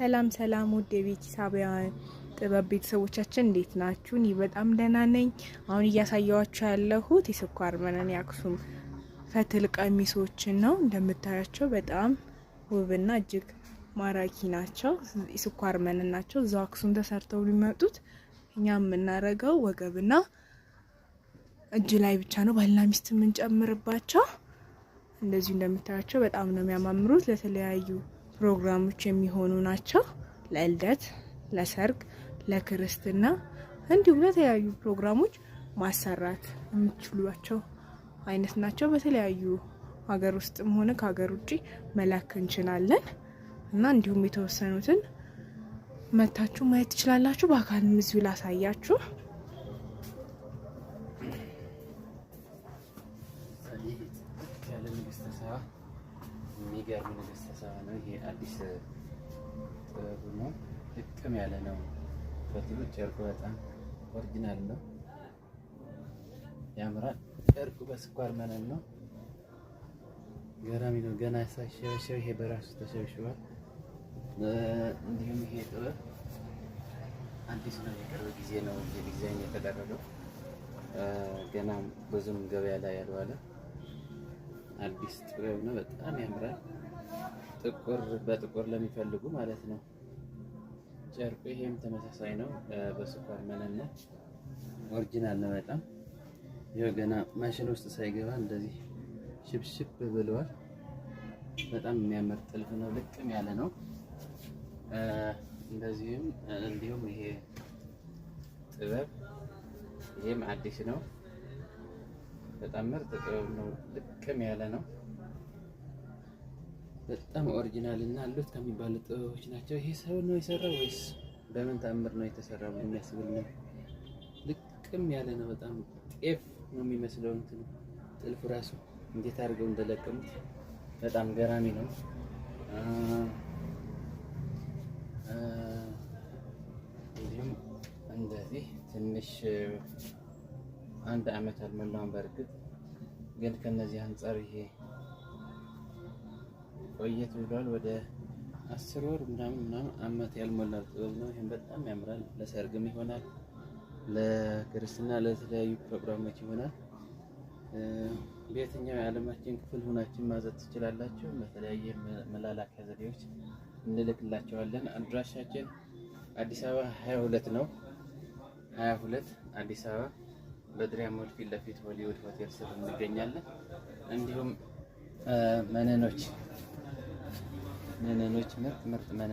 ሰላም ሰላም ውድ የቤኪ ሳቢያን ጥበብ ቤተሰቦቻችን እንዴት ናችሁ? እኔ በጣም ደህና ነኝ። አሁን እያሳየዋችሁ ያለሁት የስኳር መነን የአክሱም ፈትል ቀሚሶችን ነው። እንደምታያቸው በጣም ውብና እጅግ ማራኪ ናቸው። የስኳር መነን ናቸው። እዛው አክሱም ተሰርተው ሊመጡት እኛ የምናደርገው ወገብና እጅ ላይ ብቻ ነው ባልና ሚስት የምንጨምርባቸው። እንደዚሁ እንደምታያቸው በጣም ነው የሚያማምሩት ለተለያዩ ፕሮግራሞች የሚሆኑ ናቸው። ለልደት፣ ለሰርግ፣ ለክርስትና እንዲሁም ለተለያዩ ፕሮግራሞች ማሰራት የምትችሏቸው አይነት ናቸው። በተለያዩ ሀገር ውስጥም ሆነ ከሀገር ውጭ መላክ እንችላለን እና እንዲሁም የተወሰኑትን መታችሁ ማየት ትችላላችሁ። በአካል እዚሁ ላሳያችሁ። የሚገርም ነገር ተሰራ ነው። ይሄ አዲስ ጥበብ ነው። ጥቅም ያለ ነው። ፈትሉ ጨርቁ በጣም ኦሪጂናል ነው። ያምራል። ጨርቁ በስኳር መነን ነው። ገራሚ ነው። ገና ሳይሸበሸብ ይሄ በራሱ ተሸብሽቧል። እንዲሁም ይሄ ጥበብ አዲስ ነው። የቅርብ ጊዜ ነው ዲዛይን የተደረገው። ገና ብዙም ገበያ ላይ ያልዋለ አዲስ ጥበብ ነው። በጣም ያምራል። ጥቁር በጥቁር ለሚፈልጉ ማለት ነው ጨርቁ። ይሄም ተመሳሳይ ነው በስኳር መነነት ኦሪጂናል ነው በጣም ይሄው ገና ማሽን ውስጥ ሳይገባ እንደዚህ ሽብሽብ ብለዋል። በጣም የሚያምር ጥልፍ ነው፣ ልቅም ያለ ነው። እንደዚህም እንዲሁም ይሄ ጥበብ ይሄም አዲስ ነው። በጣም ምርጥ ጥበብ ነው። ልቅም ያለ ነው። በጣም ኦሪጂናል እና አሉት ከሚባሉ ጥበቦች ናቸው። ይሄ ሰው ነው የሰራው ወይስ በምን ታምር ነው የተሰራ የሚያስብል ነው። ልቅም ያለ ነው። በጣም ጤፍ ነው የሚመስለው እንትን ጥልፍ ራሱ እንዴት አድርገው እንደለቀሙት በጣም ገራሚ ነው። እንደዚህ ትንሽ አንድ አመት አልሞላውም። በእርግጥ ግን ከነዚህ አንጻር ይሄ ቆየት ብሏል። ወደ አስር ወር ምናምን ምናምን አመት ያልሞላ ጥበብ ነው። ይህም በጣም ያምራል። ለሰርግም ይሆናል፣ ለክርስትና፣ ለተለያዩ ፕሮግራሞች ይሆናል። በየትኛው የዓለማችን ክፍል ሆናችን ማዘት ትችላላችሁ። በተለያየ መላላኪያ ዘዴዎች እንልክላቸዋለን። አድራሻችን አዲስ አበባ 22 ነው። 22 አዲስ አበባ በድሪያ ፊት ለፊት ሆሊውድ ሆቴል ስር እንገኛለን። እንዲሁም መነኖች መነኖች ምርጥ ምርጥ